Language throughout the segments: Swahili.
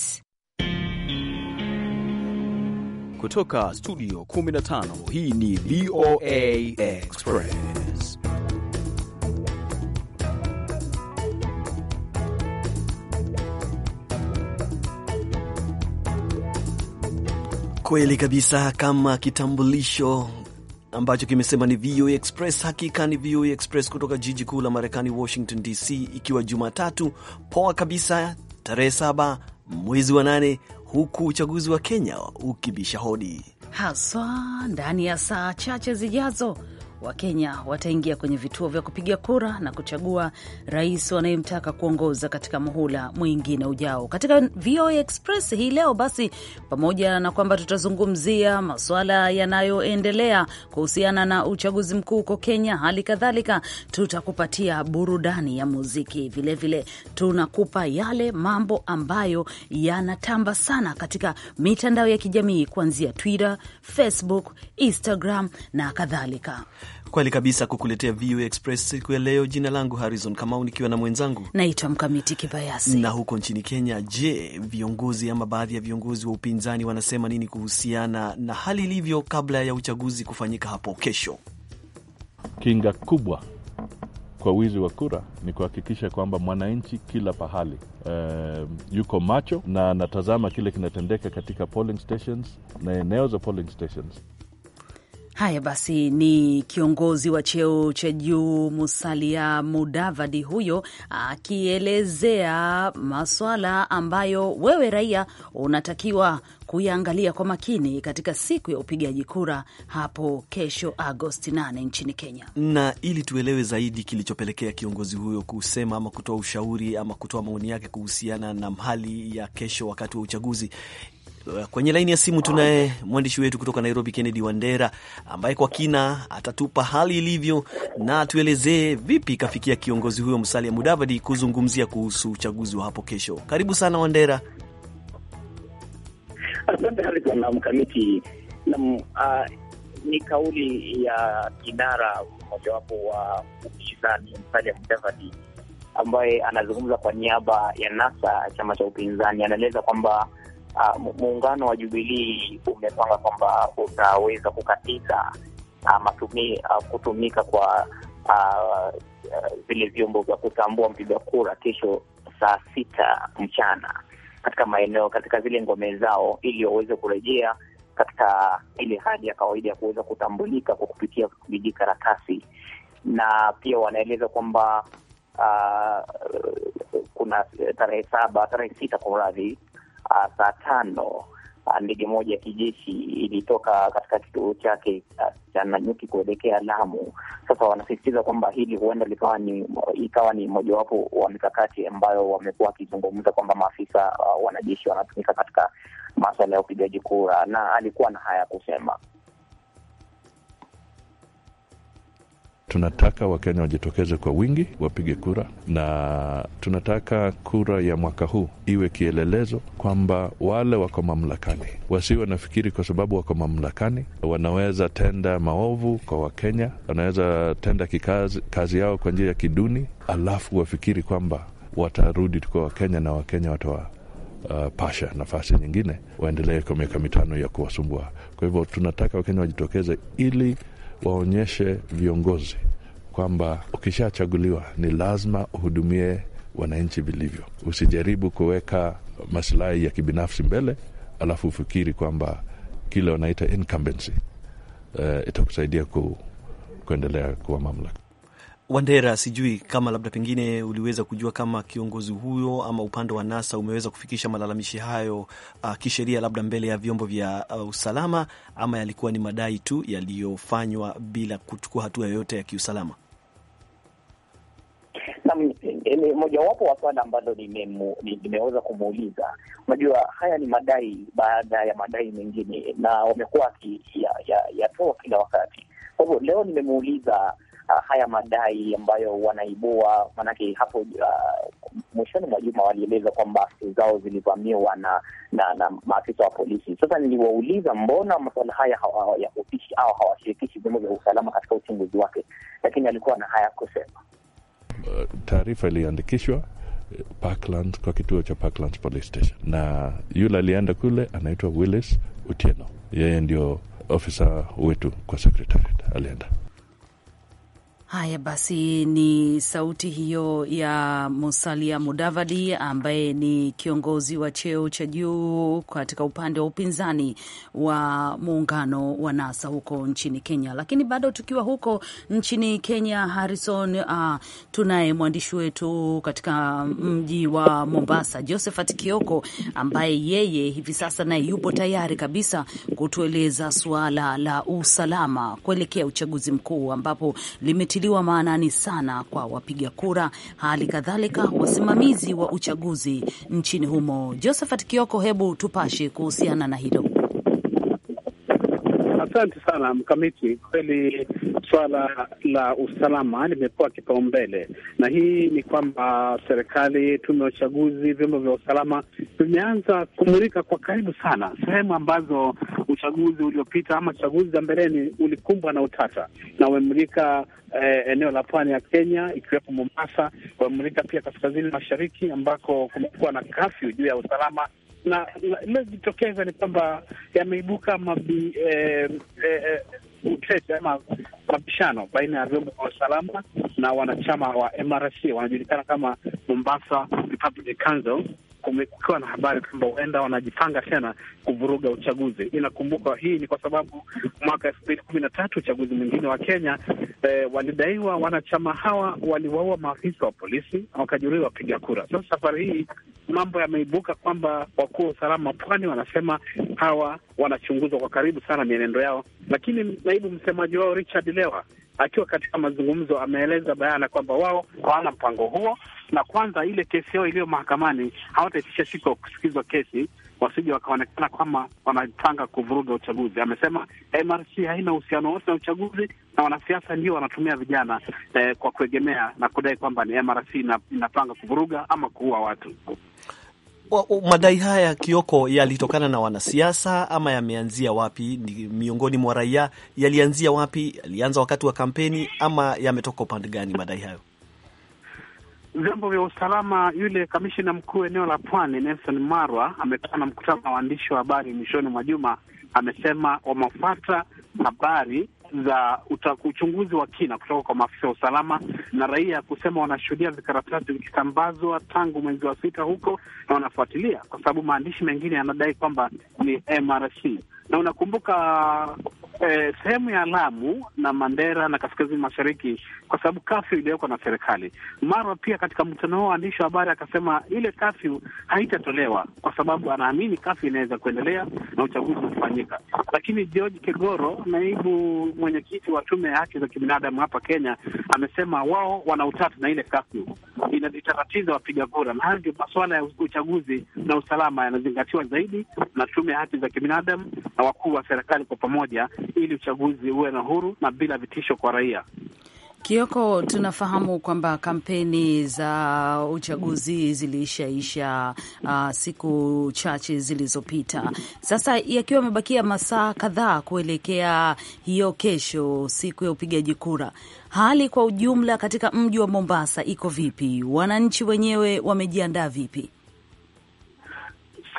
Sports. Kutoka studio 15 hii ni VOA Express. Kweli kabisa, kama kitambulisho ambacho kimesema ni VOA Express. Hakika ni VOA Express kutoka jiji kuu la Marekani, Washington DC, ikiwa Jumatatu poa kabisa tarehe saba mwezi wa nane, huku uchaguzi wa Kenya ukibisha hodi haswa ndani ya saa chache zijazo Wakenya wataingia kwenye vituo vya kupiga kura na kuchagua rais wanayemtaka kuongoza katika muhula mwingine ujao. Katika VOA Express hii leo basi, pamoja na kwamba tutazungumzia masuala yanayoendelea kuhusiana na uchaguzi mkuu huko Kenya, hali kadhalika tutakupatia burudani ya muziki vilevile vile, tunakupa yale mambo ambayo yanatamba sana katika mitandao ya kijamii kuanzia Twitter, Facebook, Instagram na kadhalika. Kweli kabisa kukuletea VOA Express siku ya leo. Jina langu Harrison Kamau, nikiwa na mwenzangu naitwa Mkamiti Kibayasi. Na huko nchini Kenya, je, viongozi ama baadhi ya viongozi wa upinzani wanasema nini kuhusiana na hali ilivyo kabla ya uchaguzi kufanyika hapo kesho? Kinga kubwa kwa wizi wa kura ni kuhakikisha kwamba mwananchi kila pahali uh, yuko macho na anatazama kile kinatendeka katika polling stations na eneo za polling stations. Haya basi, ni kiongozi wa cheo cha juu Musalia Mudavadi huyo akielezea maswala ambayo wewe raia unatakiwa kuyaangalia kwa makini katika siku ya upigaji kura hapo kesho Agosti 8 nchini Kenya. Na ili tuelewe zaidi kilichopelekea kiongozi huyo kusema ama kutoa ushauri ama kutoa maoni yake kuhusiana na hali ya kesho wakati wa uchaguzi, Kwenye laini ya simu tunaye mwandishi wetu kutoka Nairobi, Kennedy Wandera, ambaye kwa kina atatupa hali ilivyo na atuelezee vipi ikafikia kiongozi huyo Musalia Mudavadi kuzungumzia kuhusu uchaguzi wa hapo kesho. Karibu sana Wandera. Asante Harison Mkamiti. Nam, uh, ah, ni kauli ya kinara mmojawapo wa upinzani Musalia Mudavadi ambaye anazungumza kwa niaba ya NASA, chama cha upinzani. Anaeleza kwamba uh, muungano wa Jubilii umepanga kwamba utaweza kukatiza uh, matumi, uh, kutumika kwa uh, vile vyombo vya kutambua mpiga kura kesho saa sita mchana katika maeneo katika zile ngome zao, ili waweze kurejea katika ile hali ya kawaida ya kuweza kutambulika kwa kupitia vijikaratasi. Na pia wanaeleza kwamba uh, kuna tarehe saba, tarehe sita kwa uradhi uh, saa tano uh, ndege moja ya kijeshi ilitoka katika kituo chake uh, cha Nanyuki kuelekea Lamu. Sasa wanasisitiza kwamba hili huenda likawa ni ikawa ni mojawapo wa mikakati ambayo wamekuwa wakizungumza kwamba maafisa uh, wanajeshi wanatumika katika maswala ya upigaji kura, na alikuwa na haya kusema. Tunataka Wakenya wajitokeze kwa wingi wapige kura, na tunataka kura ya mwaka huu iwe kielelezo kwamba wale wako mamlakani wasiwe nafikiri kwa sababu wako mamlakani wanaweza tenda maovu kwa Wakenya, wanaweza tenda kikazi, kazi yao kwa njia ya kiduni, alafu wafikiri kwamba watarudi kwa Wakenya na Wakenya watawa Uh, pasha nafasi nyingine waendelee kwa miaka mitano ya kuwasumbua. Kwa hivyo tunataka Wakenya wajitokeze ili waonyeshe viongozi kwamba ukishachaguliwa ni lazima uhudumie wananchi vilivyo. Usijaribu kuweka masilahi ya kibinafsi mbele, alafu ufikiri kwamba kile wanaita incumbency uh, eh, itakusaidia ku, kuendelea kuwa mamlaka. Wandera, sijui kama labda pengine uliweza kujua kama kiongozi huyo ama upande wa NASA umeweza kufikisha malalamishi hayo uh, kisheria labda mbele ya vyombo vya uh, usalama ama yalikuwa ni madai tu yaliyofanywa bila kuchukua hatua yoyote ya kiusalama? Eh, eh, mojawapo wa swala ambalo nimeweza kumuuliza, unajua haya ni madai baada ya madai mengine, na wamekuwa yakitoa ya, ya kila wakati. Kwa hivyo leo nimemuuliza uh, haya madai ambayo wanaibua, maanake hapo uh, mwishoni mwa juma walieleza kwamba afisi zao zilivamiwa na na, na maafisa wa polisi. Sasa niliwauliza mbona masuala haya hawayahusishi au hawashirikishi vyombo vya usalama katika uchunguzi wake, lakini alikuwa na haya kusema. Uh, taarifa iliandikishwa uh, Parkland kwa kituo cha Police Station, na yule alienda kule anaitwa Willis Utieno, yeye ndio ofisa wetu kwa secretariat alienda Haya basi, ni sauti hiyo ya Musalia Mudavadi ambaye ni kiongozi wa cheo cha juu katika upande wa upinzani wa muungano wa NASA huko nchini Kenya. Lakini bado tukiwa huko nchini Kenya, Harrison, uh, tunaye mwandishi wetu katika mji wa Mombasa, Josephat Kioko, ambaye yeye hivi sasa naye yupo tayari kabisa kutueleza suala la usalama kuelekea uchaguzi mkuu ambapo limeti kinatiliwa maanani sana kwa wapiga kura, hali kadhalika wasimamizi wa uchaguzi nchini humo. Josephat Kioko, hebu tupashe kuhusiana na hilo. Asante sana Mkamiti. Kweli suala la usalama limekuwa kipaumbele, na hii ni kwamba serikali, tume ya uchaguzi, vyombo vya usalama vimeanza kumulika kwa karibu sana sehemu ambazo uchaguzi uliopita ama chaguzi za mbeleni ulikumbwa na utata na umemulika eh, eneo la pwani ya Kenya ikiwepo Mombasa, umemulika pia kaskazini mashariki ambako kumekuwa na kafyu juu ya usalama na iliyojitokeza ni kwamba yameibuka mabi, eh, eh, eh, utete ama mabishano baina ya vyombo vya usalama na wanachama wa MRC wanajulikana kama Mombasa Republic Council kumekuwa na habari kwamba huenda wanajipanga tena kuvuruga uchaguzi. Inakumbuka hii ni kwa sababu mwaka elfu mbili kumi na tatu uchaguzi mwingine wa Kenya eh, walidaiwa wanachama hawa waliwaua maafisa wa polisi na wakajuruhi wapiga kura. Sasa safari hii mambo yameibuka kwamba wakuu wa usalama pwani wanasema hawa wanachunguzwa kwa karibu sana mienendo yao, lakini naibu msemaji wao Richard Lewa akiwa katika mazungumzo ameeleza bayana kwamba wao hawana mpango huo, na kwanza ile kesi yao iliyo mahakamani hawataitisha siku ya kusikizwa kesi, wasije wakaonekana kama wanapanga kuvuruga uchaguzi. Amesema MRC haina uhusiano wote na uchaguzi na wanasiasa ndio wanatumia vijana eh, kwa kuegemea na kudai kwamba ni MRC inapanga kuvuruga ama kuua watu madai haya Kioko, yalitokana na wanasiasa ama yameanzia wapi? Ni miongoni mwa raia? Yalianzia wapi? Yalianza wakati wa kampeni ama yametoka upande gani madai hayo? Vyombo vya usalama, yule kamishina mkuu eneo la Pwani Nelson Marwa amekuwa na mkutano na waandishi wa habari mwishoni mwa juma, amesema wamefuata habari za uchunguzi wa kina kutoka kwa maafisa wa usalama na raia kusema wanashuhudia vikaratasi vikisambazwa tangu mwezi wa sita huko, na wanafuatilia kwa sababu maandishi mengine yanadai kwamba ni MRC na unakumbuka Eh, sehemu ya Lamu na Mandera na kaskazini mashariki, kwa sababu kafyu iliyoko na serikali. Marwa pia katika mkutano huo waandishi wa habari akasema ile kafyu haitatolewa kwa sababu anaamini kafyu inaweza kuendelea na uchaguzi kufanyika. Lakini George Kegoro, naibu mwenyekiti wa tume ya haki za kibinadamu hapa Kenya, amesema wao wana utatu na ile kafyu inazitatiza wapiga kura, na hayo ndio masuala ya uchaguzi na usalama yanazingatiwa zaidi na tume ya haki za kibinadamu na wakuu wa serikali kwa pamoja ili uchaguzi uwe na huru na bila vitisho kwa raia. Kioko, tunafahamu kwamba kampeni za uchaguzi zilishaisha uh, siku chache zilizopita. Sasa yakiwa yamebakia masaa kadhaa kuelekea hiyo kesho, siku ya upigaji kura, hali kwa ujumla katika mji wa Mombasa iko vipi? Wananchi wenyewe wamejiandaa vipi?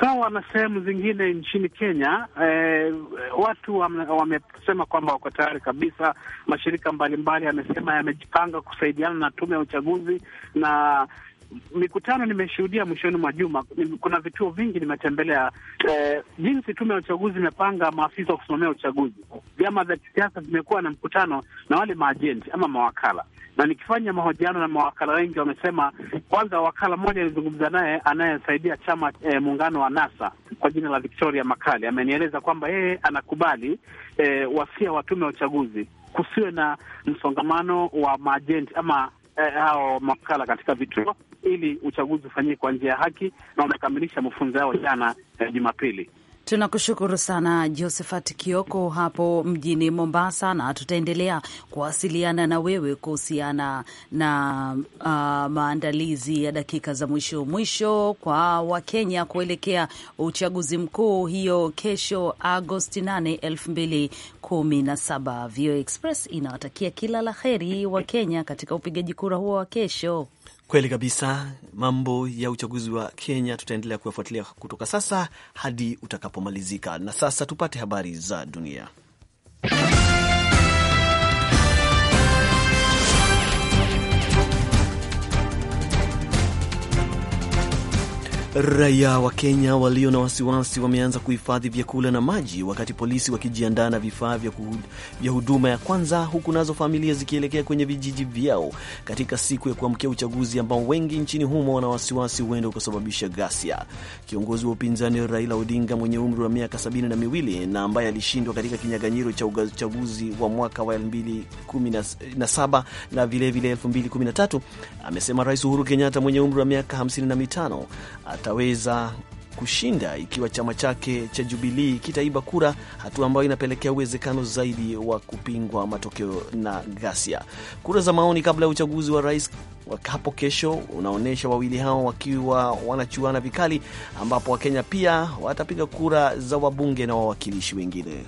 sawa na sehemu zingine nchini Kenya. Eh, watu wamesema wame kwamba wako tayari kabisa. Mashirika mbalimbali yamesema yamejipanga kusaidiana na tume ya uchaguzi na mikutano nimeshuhudia mwishoni mwa juma. Kuna vituo vingi nimetembelea, eh, jinsi tume ya uchaguzi imepanga maafisa wa kusimamia uchaguzi. Vyama vya kisiasa vimekuwa na mkutano na wale maajenti ama mawakala na nikifanya mahojiano na mawakala wengi wamesema, kwanza wakala mmoja alizungumza naye anayesaidia chama e, muungano wa NASA kwa jina la Victoria Makali amenieleza kwamba yeye anakubali e, wasia wa tume ya uchaguzi kusiwe na msongamano wa maajenti ama e, hao mawakala katika vituo ili uchaguzi ufanyike kwa njia ya haki, na wamekamilisha mafunzo yao jana e, Jumapili. Tunakushukuru sana Josephat Kioko hapo mjini Mombasa, na tutaendelea kuwasiliana na wewe kuhusiana na uh, maandalizi ya dakika za mwisho mwisho kwa Wakenya kuelekea uchaguzi mkuu hiyo kesho Agosti 8, 2017. VOA Express inawatakia kila la heri Wakenya katika upigaji kura huo wa kesho. Kweli kabisa, mambo ya uchaguzi wa Kenya tutaendelea kuyafuatilia kutoka sasa hadi utakapomalizika. Na sasa tupate habari za dunia. Raia wa Kenya walio na wasiwasi wameanza kuhifadhi vyakula na maji, wakati polisi wakijiandaa na vifaa vya huduma ya kwanza, huku nazo familia zikielekea kwenye vijiji vyao katika siku ya kuamkia uchaguzi ambao wengi nchini humo wana wasiwasi huenda ukasababisha ghasia. Kiongozi wa upinzani Raila Odinga mwenye umri wa miaka sabini na miwili na ambaye alishindwa katika kinyaganyiro cha uchaguzi wa mwaka wa 2017 na vilevile 2013 amesema Rais Uhuru Kenyatta mwenye umri wa miaka 55 ataweza kushinda ikiwa chama chake cha Jubilii kitaiba kura, hatua ambayo inapelekea uwezekano zaidi wa kupingwa matokeo na ghasia. Kura za maoni kabla ya uchaguzi wa rais hapo kesho unaonyesha wawili hao wakiwa wanachuana vikali, ambapo Wakenya pia watapiga kura za wabunge na wawakilishi wengine.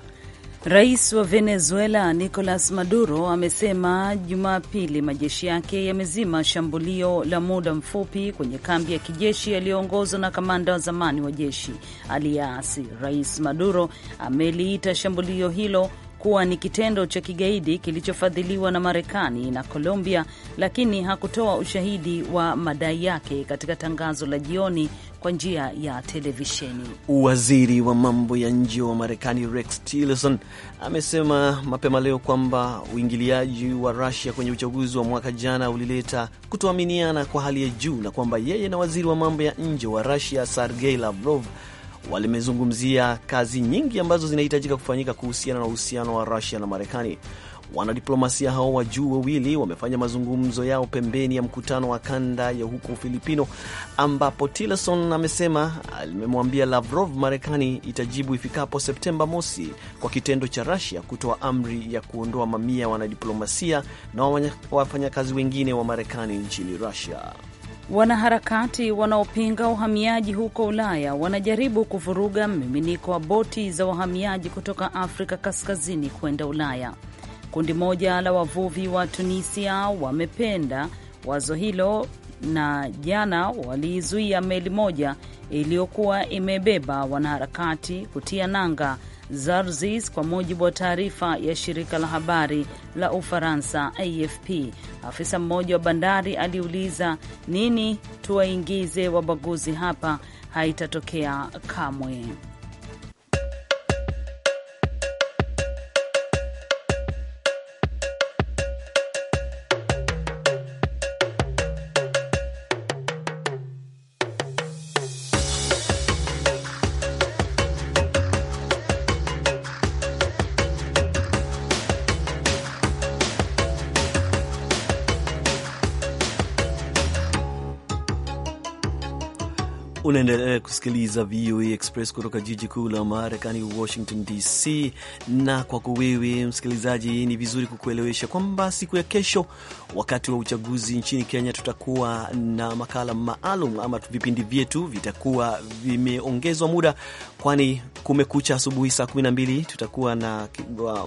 Rais wa Venezuela Nicolas Maduro amesema Jumapili majeshi yake yamezima shambulio la muda mfupi kwenye kambi ya kijeshi yaliyoongozwa na kamanda wa zamani wa jeshi aliyeasi. Rais Maduro ameliita shambulio hilo kuwa ni kitendo cha kigaidi kilichofadhiliwa na Marekani na Colombia, lakini hakutoa ushahidi wa madai yake katika tangazo la jioni kwa njia ya televisheni. Waziri wa mambo ya nje wa Marekani Rex Tillerson amesema mapema leo kwamba uingiliaji wa rasia kwenye uchaguzi wa mwaka jana ulileta kutoaminiana kwa hali ya juu na kwamba yeye na waziri wa mambo ya nje wa Russia Sergei Lavrov walimezungumzia kazi nyingi ambazo zinahitajika kufanyika kuhusiana na uhusiano wa Rusia na Marekani. Wanadiplomasia hao wa juu wawili wamefanya mazungumzo yao pembeni ya mkutano wa kanda ya huko Ufilipino, ambapo Tillerson amesema alimemwambia Lavrov Marekani itajibu ifikapo Septemba mosi kwa kitendo cha Rusia kutoa amri ya kuondoa mamia ya wanadiplomasia na wafanyakazi wengine wa Marekani nchini Rusia. Wanaharakati wanaopinga uhamiaji huko Ulaya wanajaribu kuvuruga mmiminiko wa boti za wahamiaji kutoka Afrika kaskazini kwenda Ulaya. Kundi moja la wavuvi wa Tunisia wamependa wazo hilo na jana waliizuia meli moja iliyokuwa imebeba wanaharakati kutia nanga zarzis kwa mujibu wa taarifa ya shirika la habari la Ufaransa AFP. Afisa mmoja wa bandari aliuliza, nini tuwaingize wabaguzi hapa? Haitatokea kamwe. Unaendelea kusikiliza VOA Express kutoka jiji kuu la Marekani, Washington DC. Na kwako wewe msikilizaji, ni vizuri kukuelewesha kwamba siku ya kesho, wakati wa uchaguzi nchini Kenya, tutakuwa na makala maalum ama vipindi vyetu vitakuwa vimeongezwa muda, kwani kumekucha asubuhi saa mbili tutakuwa na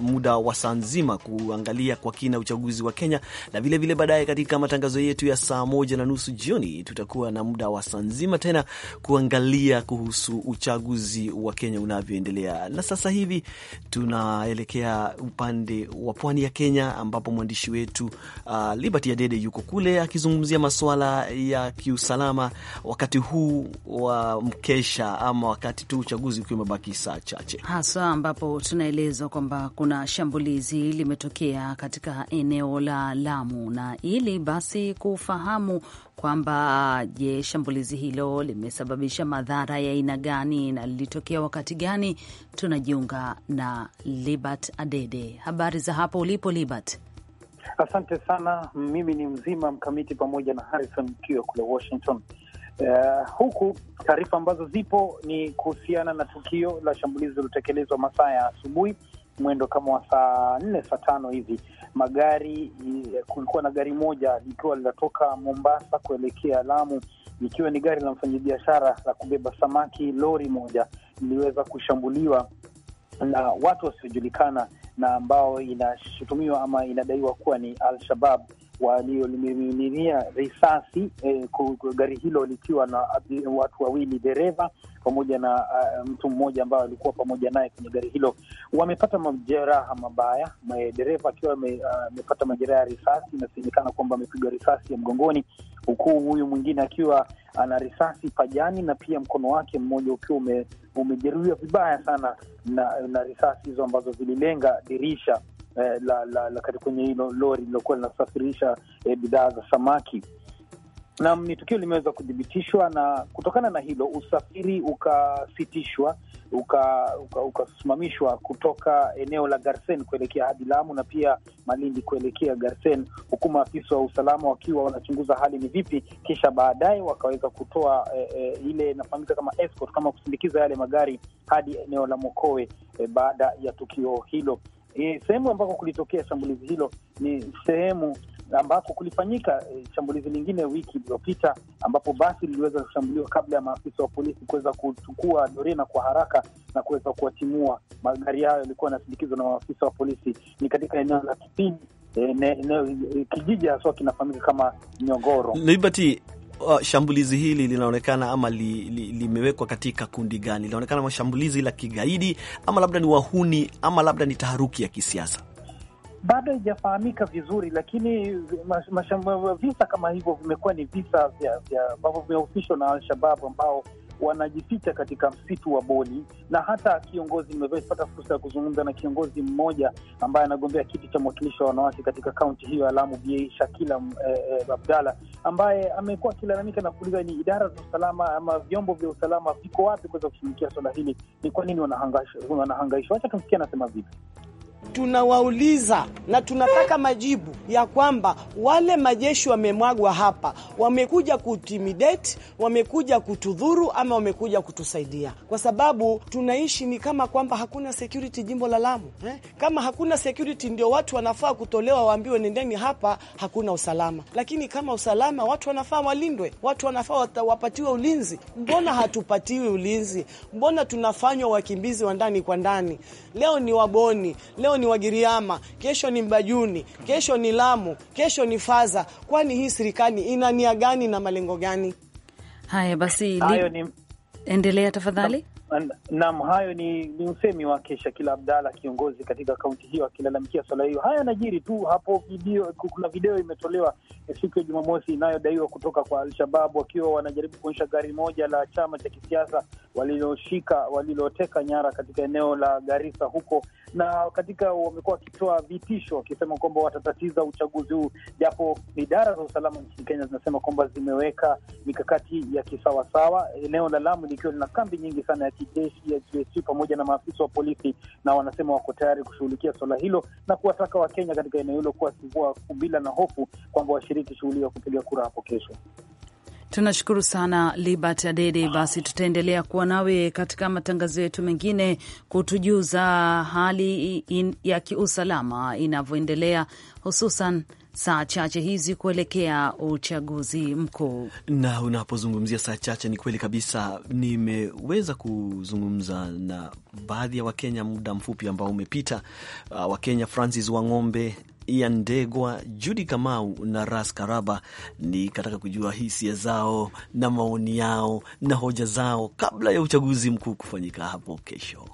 muda wa saa nzima kuangalia kwa kina uchaguzi wa Kenya, na vilevile baadaye katika matangazo yetu ya saa moja na nusu jioni tutakuwa na muda wa saa nzima tena kuangalia kuhusu uchaguzi wa Kenya unavyoendelea. Na sasa hivi tunaelekea upande wa pwani ya Kenya ambapo mwandishi wetu uh, Liberty Adede yuko kule akizungumzia masuala ya kiusalama wakati huu wa mkesha ama wakati tu uchaguzi ukiwa umebaki saa chache, haswa ambapo tunaelezwa kwamba kuna shambulizi limetokea katika eneo la Lamu, na ili basi kufahamu kwamba je, shambulizi hilo limes limesababisha madhara ya aina gani na lilitokea wakati gani? Tunajiunga na Libert Adede. Habari za hapo ulipo Libert? Asante sana, mimi ni mzima mkamiti, pamoja na Harrison kiwa kule Washington. Uh, huku taarifa ambazo zipo ni kuhusiana na tukio la shambulizi lilotekelezwa masaa ya asubuhi mwendo kama wa saa nne saa tano hivi magari eh, kulikuwa na gari moja likiwa linatoka Mombasa kuelekea Lamu likiwa ni gari la mfanyabiashara la kubeba samaki, lori moja liliweza kushambuliwa na watu wasiojulikana na ambao inashutumiwa ama inadaiwa kuwa ni Al-Shabab waliolimiminia risasi eh, gari hilo likiwa na watu wawili, dereva pamoja na uh, mtu mmoja ambaye alikuwa pamoja naye kwenye gari hilo. Wamepata majeraha mabaya, dereva akiwa ah, amepata uh, majeraha ya risasi. Inasemekana kwamba amepigwa risasi ya mgongoni huku huyu mwingine akiwa ana risasi pajani na pia mkono wake mmoja ukiwa ume, umejeruhiwa vibaya sana na, na risasi hizo ambazo zililenga dirisha eh, la, la, la kati kwenye hilo lori lilokuwa linasafirisha eh, bidhaa za samaki. Naam, ni tukio limeweza kuthibitishwa, na kutokana na hilo usafiri ukasitishwa ukasimamishwa uka, uka kutoka eneo la Garsen kuelekea hadi Lamu na pia Malindi kuelekea Garsen, huku maafisa wa usalama wakiwa wanachunguza hali ni vipi, kisha baadaye wakaweza kutoa e, e, ile inafahamika kama escort, kama kusindikiza yale magari hadi eneo la Mokowe e, baada ya tukio hilo. E, sehemu ambako kulitokea shambulizi hilo ni sehemu ambako kulifanyika e, shambulizi lingine wiki iliyopita ambapo basi liliweza kushambuliwa kabla ya maafisa wa polisi kuweza kuchukua dorina kwa haraka na kuweza kuwatimua. Magari hayo yalikuwa yanasindikizwa na maafisa wa polisi. Ni katika eneo la Kipini, eh, eh, kijiji haswa kinafahamika kama Nyogoro. Liberty, uh, shambulizi hili linaonekana ama li, li, limewekwa katika kundi gani? Linaonekana kama shambulizi la kigaidi ama labda ni wahuni ama labda ni taharuki ya kisiasa? bado haijafahamika vizuri, lakini visa kama hivyo vimekuwa ni visa vya ambavyo vimehusishwa na Alshababu ambao wanajificha katika msitu wa Boni na hata kiongozi, nimepata fursa ya kuzungumza na kiongozi mmoja ambaye anagombea kiti cha mwakilishi wa wanawake katika kaunti hiyo ya Lamu, Bi Shakila eh, eh, Abdalla, ambaye amekuwa akilalamika na kuuliza ni idara za usalama ama vyombo vya usalama viko wapi kuweza kushughulikia swala hili, ni kwa nini wanahangaishwa? Wacha tumsikia anasema vipi tunawauliza na tunataka majibu ya kwamba wale majeshi wamemwagwa hapa, wamekuja kutimidate, wamekuja kutudhuru ama wamekuja kutusaidia? Kwa sababu tunaishi ni kama kwamba hakuna security jimbo la Lamu eh? Kama hakuna security, ndio watu wanafaa kutolewa, waambiwe nendeni hapa, hakuna usalama. Lakini kama usalama, watu wanafaa walindwe, watu wanafaa wapatiwe ulinzi. Mbona hatupatiwi ulinzi? Mbona tunafanywa wakimbizi wa ndani kwa ndani? Leo ni Waboni, leo leo ni Wagiriama, kesho ni Mbajuni, kesho ni Lamu, kesho ni Faza. Kwani hii serikali ina nia gani na malengo gani? Haya basi li... endelea tafadhali. Naam, hayo ni, ni usemi wake Shakila Abdala, kiongozi katika kaunti hiyo, akilalamikia swala hiyo. Haya yanajiri tu hapo. Video, kuna video imetolewa eh, siku ya Jumamosi inayodaiwa kutoka kwa alshababu wakiwa wanajaribu kuonyesha gari moja la chama cha kisiasa waliloshika waliloteka nyara katika eneo la Garissa huko na katika wamekuwa wakitoa vitisho wakisema kwamba watatatiza uchaguzi huu, japo idara za usalama nchini Kenya zinasema kwamba zimeweka mikakati ya kisawasawa, eneo la Lamu likiwa lina kambi nyingi sana ya kijeshi ya GSU pamoja na maafisa wa polisi, na wanasema wako tayari kushughulikia swala hilo na kuwataka Wakenya katika eneo hilo kuwa bila na hofu kwamba washiriki shughuli ya kupiga kura hapo kesho. Tunashukuru sana Libert Adede. Basi tutaendelea kuwa nawe katika matangazo yetu mengine kutujuza hali in, ya kiusalama inavyoendelea hususan saa chache hizi kuelekea uchaguzi mkuu. Na unapozungumzia saa chache, ni kweli kabisa. Nimeweza kuzungumza na baadhi ya Wakenya muda mfupi ambao umepita. Uh, Wakenya Francis Wang'ombe Ian Ndegwa, Judi Kamau na Ras Karaba. ni kataka kujua hisia zao na maoni yao na hoja zao kabla ya uchaguzi mkuu kufanyika hapo kesho.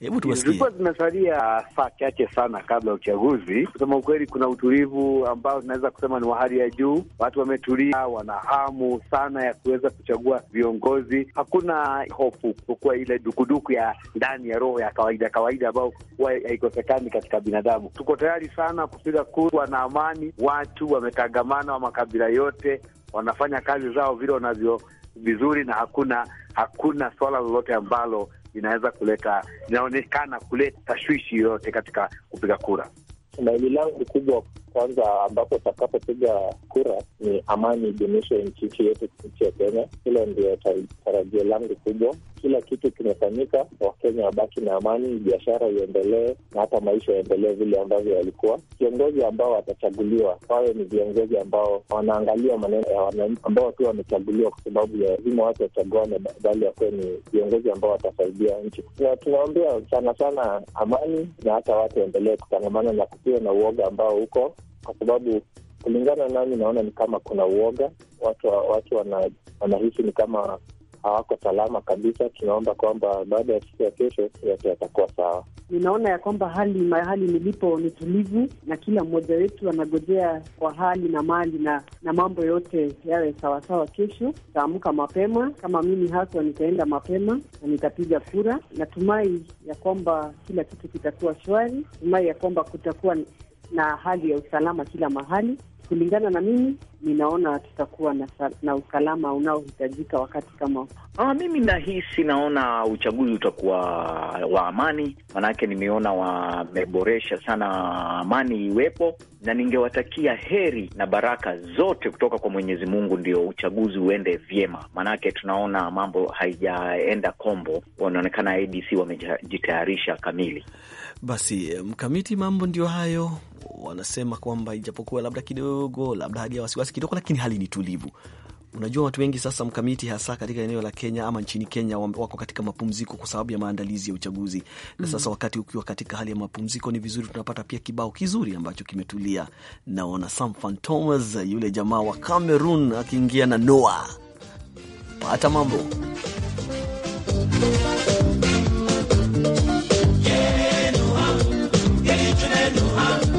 Hebu tuwasikie. Zilikuwa zimesalia saa chache sana kabla ya uchaguzi. Kusema ukweli, kuna utulivu ambao tunaweza kusema ni wa hali ya juu. Watu wametulia, wana hamu sana ya kuweza kuchagua viongozi. Hakuna hofu kuwa ile dukuduku ya ndani ya roho ya kawaida kawaida ambayo huwa haikosekani katika binadamu. Tuko tayari sana kupiga kura na amani. Watu wametangamana wa makabila yote, wanafanya kazi zao vile wanavyo vizuri, na hakuna hakuna swala lolote ambalo inaweza kuleta, inaonekana kuleta tashwishi yoyote katika kupiga kura. Tumaini langu kubwa kwanza, ambapo utakapopiga kura ni amani idumishwe nchi yetu, nchi ya Kenya. Hilo ndio tarajio langu kubwa, kila kitu kimefanyika, Wakenya wabaki na amani, biashara iendelee na hata maisha yaendelee vile ambavyo yalikuwa. Viongozi ambao watachaguliwa wawe ni viongozi ambao wanaangalia maneno ya wananchi ambao tu wamechaguliwa, kwa sababu ya lazima watu wachaguane, badali ya kuwe ni viongozi ambao watasaidia nchi. Tunaombea sana sana amani na hata watu waendelee kutangamana na kusiwe na uoga ambao uko, kwa sababu kulingana nami naona ni kama kuna uoga, watu watu wanahisi wana ni kama hawako salama kabisa. Tunaomba kwamba baada ya siku ya kesho yote yatakuwa sawa. Ninaona ya kwamba hali mahali nilipo ni tulivu, na kila mmoja wetu anagojea kwa hali na mali na na mambo yote yawe sawasawa. Kesho nitaamka mapema, kama mimi haswa nitaenda mapema na nitapiga kura. Natumai ya kwamba kila kitu kitakuwa shwari, natumai ya kwamba kutakuwa na hali ya usalama kila mahali kulingana na mimi, ninaona tutakuwa na, na usalama unaohitajika wakati kama Ah, mimi nahisi naona uchaguzi utakuwa wa amani, maanake nimeona wameboresha sana amani iwepo, na ningewatakia heri na baraka zote kutoka kwa Mwenyezi Mungu, ndio uchaguzi uende vyema, maanake tunaona mambo haijaenda kombo, wanaonekana ADC wamejitayarisha kamili. Basi eh, mkamiti, mambo ndio hayo. Wanasema kwamba ijapokuwa labda kidogo, labda hali ya wasiwasi kidogo, lakini hali ni tulivu. Unajua, watu wengi sasa mkamiti, hasa katika eneo la Kenya ama nchini Kenya, wako katika mapumziko kwa sababu ya maandalizi ya uchaguzi na mm-hmm. Sasa wakati ukiwa katika hali ya mapumziko, ni vizuri tunapata pia kibao kizuri ambacho kimetulia. Naona Sam Fantomas yule jamaa wa Cameroon akiingia na Noah pata mambo Muhammad.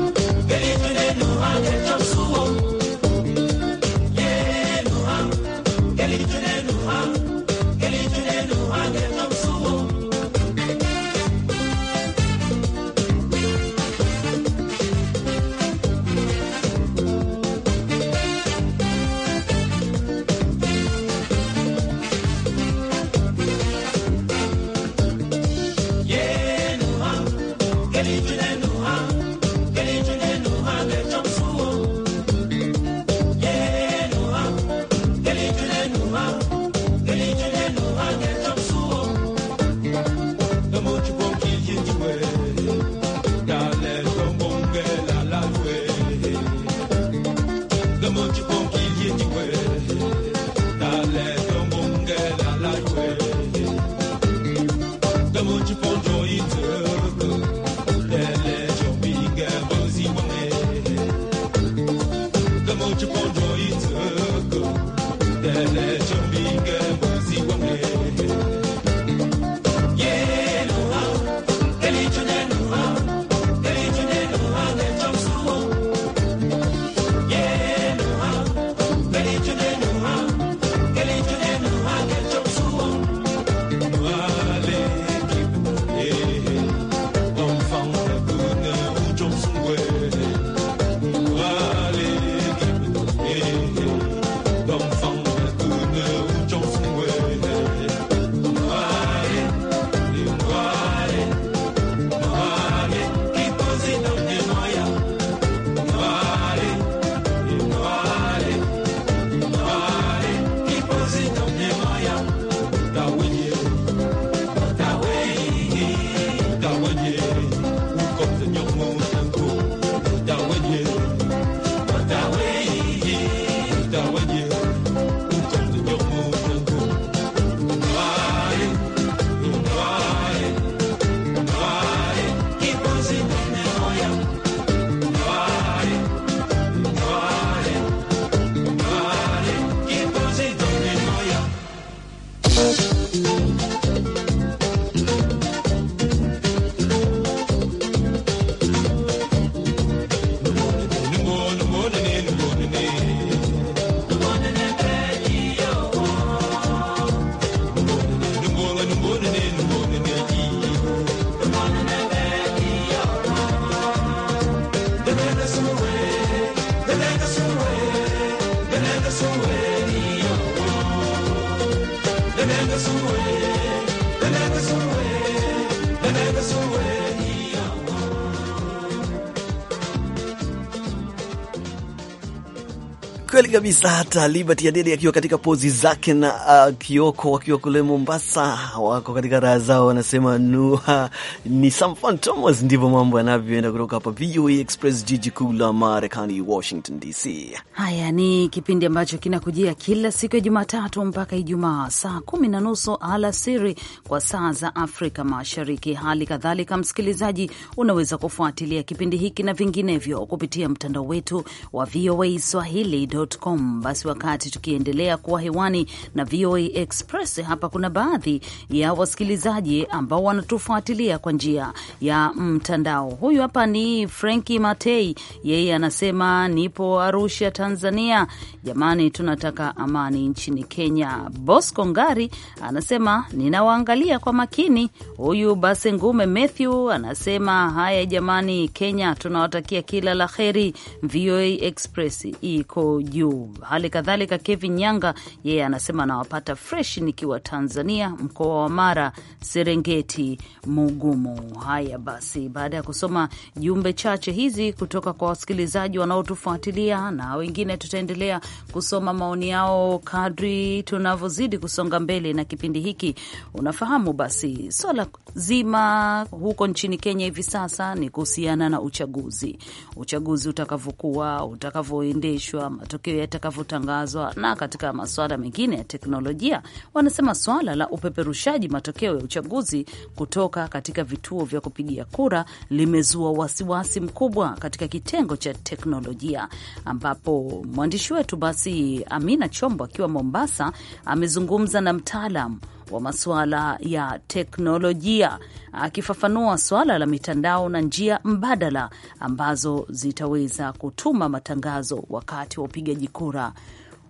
Kweli kabisa. Hata Liberty Adede akiwa katika pozi zake na uh, Kioko wakiwa kule Mombasa, wako katika raha zao, wanasema nuha ni Sam Thomas. Ndivyo mambo yanavyoenda kutoka hapa VOA e Express, jiji kuu la Marekani, Washington DC. Haya ni kipindi ambacho kinakujia kila siku ya Jumatatu mpaka Ijumaa saa kumi na nusu alasiri kwa saa za Afrika Mashariki. Hali kadhalika, msikilizaji, unaweza kufuatilia kipindi hiki na vinginevyo kupitia mtandao wetu wa VOA e Swahili gmail.com. Basi wakati tukiendelea kuwa hewani na VOA Express hapa, kuna baadhi ya wasikilizaji ambao wanatufuatilia kwa njia ya mtandao. Huyu hapa ni Frenki Matei, yeye anasema nipo Arusha, Tanzania. Jamani, tunataka amani nchini Kenya. Bosco Ngari anasema ninawaangalia kwa makini. Huyu ngume Mathew anasema haya jamani, Kenya tunawatakia kila la heri. VOA Express iko juu. Hali kadhalika Kevin Nyanga yeye anasema anawapata fresh nikiwa Tanzania, mkoa wa Mara, Serengeti, Mugumu. Haya basi, baada ya kusoma jumbe chache hizi kutoka kwa wasikilizaji wanaotufuatilia na wengine, tutaendelea kusoma maoni yao kadri tunavyozidi kusonga mbele na kipindi hiki. Unafahamu basi swala zima huko nchini Kenya hivi sasa ni kuhusiana na uchaguzi, uchaguzi utakavyokuwa, utakavyoendeshwa, matokeo matokeo yatakavyotangazwa. Na katika masuala mengine ya teknolojia, wanasema swala la upeperushaji matokeo ya uchaguzi kutoka katika vituo vya kupigia kura limezua wasiwasi mkubwa katika kitengo cha teknolojia, ambapo mwandishi wetu basi Amina Chombo akiwa Mombasa amezungumza na mtaalam wa masuala ya teknolojia akifafanua suala la mitandao na njia mbadala ambazo zitaweza kutuma matangazo wakati wa upigaji kura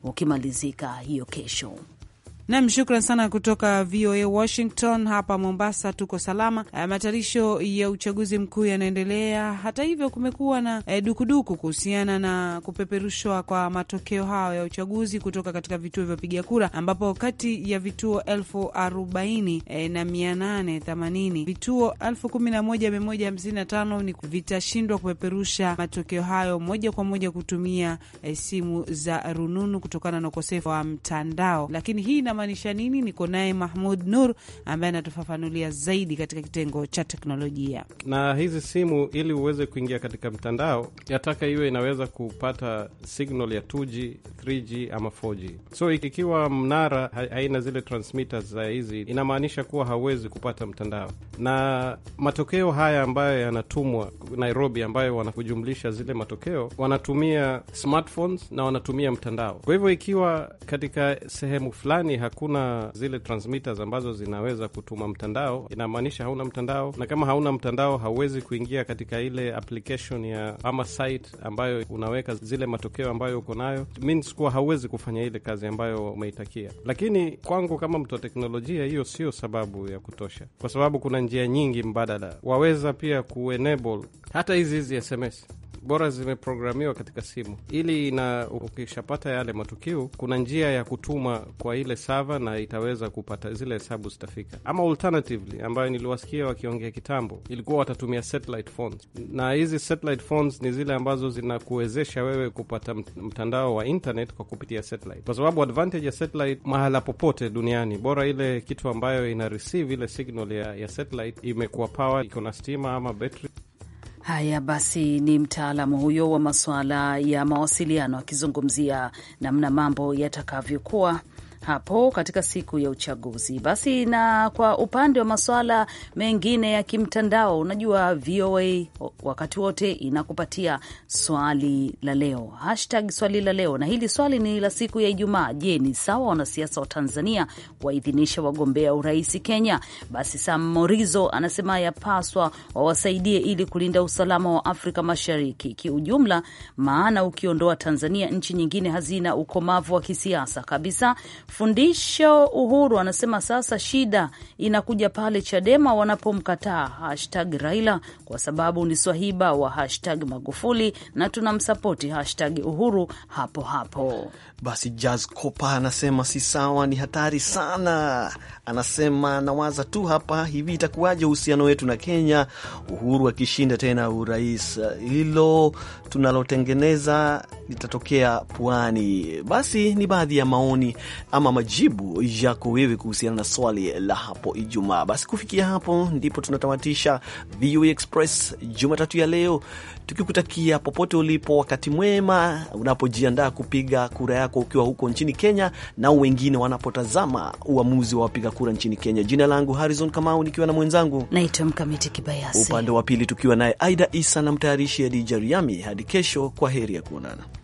ukimalizika hiyo kesho. Nam, shukran sana kutoka VOA Washington. Hapa Mombasa tuko salama. Matayarisho ya uchaguzi mkuu yanaendelea. Hata hivyo, kumekuwa na eh, dukuduku kuhusiana na kupeperushwa kwa matokeo hayo ya uchaguzi kutoka katika vituo vya piga kura, ambapo kati ya vituo elfu arobaini eh, na mia nane themanini vituo elfu kumi na moja mia moja hamsini na tano ni vitashindwa kupeperusha matokeo hayo moja kwa moja kutumia eh, simu za rununu kutokana na ukosefu wa mtandao, lakini hii na inamaanisha nini? Niko naye Mahmud Nur ambaye anatufafanulia zaidi katika kitengo cha teknolojia. Na hizi simu, ili uweze kuingia katika mtandao, yataka iwe inaweza kupata signal ya 2G, 3G ama 4G. So ikiwa mnara haina zile transmitters za hizi, inamaanisha kuwa hauwezi kupata mtandao, na matokeo haya ambayo yanatumwa Nairobi, ambayo wanakujumlisha zile matokeo, wanatumia smartphones na wanatumia mtandao. Kwa hivyo ikiwa katika sehemu fulani hakuna zile transmitters ambazo zinaweza kutuma mtandao, inamaanisha hauna mtandao, na kama hauna mtandao hauwezi kuingia katika ile application ya ama site ambayo unaweka zile matokeo ambayo uko nayo, means kuwa hauwezi kufanya ile kazi ambayo umeitakia. Lakini kwangu kama mtu wa teknolojia, hiyo sio sababu ya kutosha, kwa sababu kuna njia nyingi mbadala. Waweza pia kuenable hata hizi hizi SMS bora zimeprogramiwa katika simu ili, na ukishapata yale matukio, kuna njia ya kutuma kwa ile server na itaweza kupata zile hesabu zitafika, ama alternatively, ambayo niliwasikia wakiongea kitambo, ilikuwa watatumia satellite phones, na hizi satellite phones ni zile ambazo zinakuwezesha wewe kupata mtandao wa internet kwa kupitia satellite, kwa sababu advantage ya satellite mahala popote duniani, bora ile kitu ambayo ina receive ile signal ya, ya satellite imekuwa power, iko na stima ama battery. Haya basi, ni mtaalamu huyo wa masuala ya mawasiliano akizungumzia namna mambo yatakavyokuwa hapo katika siku ya uchaguzi. Basi na kwa upande wa masuala mengine ya kimtandao, unajua VOA wakati wote inakupatia swali la leo, hashtag swali la leo, na hili swali ni la siku ya Ijumaa. Je, ni sawa wanasiasa wa Tanzania waidhinisha wagombea urais Kenya? Basi Sam Morizo anasema yapaswa wawasaidie ili kulinda usalama wa Afrika Mashariki kiujumla, maana ukiondoa Tanzania nchi nyingine hazina ukomavu wa kisiasa kabisa fundisho Uhuru anasema sasa shida inakuja pale Chadema wanapomkataa hashtag Raila kwa sababu ni swahiba wa hashtag Magufuli na tunamsapoti hashtag Uhuru hapo hapo. Basi Jaz Kopa anasema si sawa, ni hatari sana. Anasema nawaza tu hapa hivi itakuwaje uhusiano wetu na Kenya, Uhuru akishinda tena urais, hilo tunalotengeneza litatokea puani. Basi ni baadhi ya maoni ama majibu yako wewe kuhusiana na swali la hapo Ijumaa. Basi kufikia hapo ndipo tunatamatisha VOA e Express Jumatatu ya leo, tukikutakia popote ulipo wakati mwema unapojiandaa kupiga kura yako ukiwa huko nchini Kenya na wengine wanapotazama uamuzi wa wapiga kura nchini Kenya. Jina langu Harrison Kamau, nikiwa na mwenzangu naitwa Mkamiti Kibayasi, upande wa pili tukiwa naye Aida Isa na mtayarishi Adija Riami. Hadi kesho, kwa heri ya kuonana.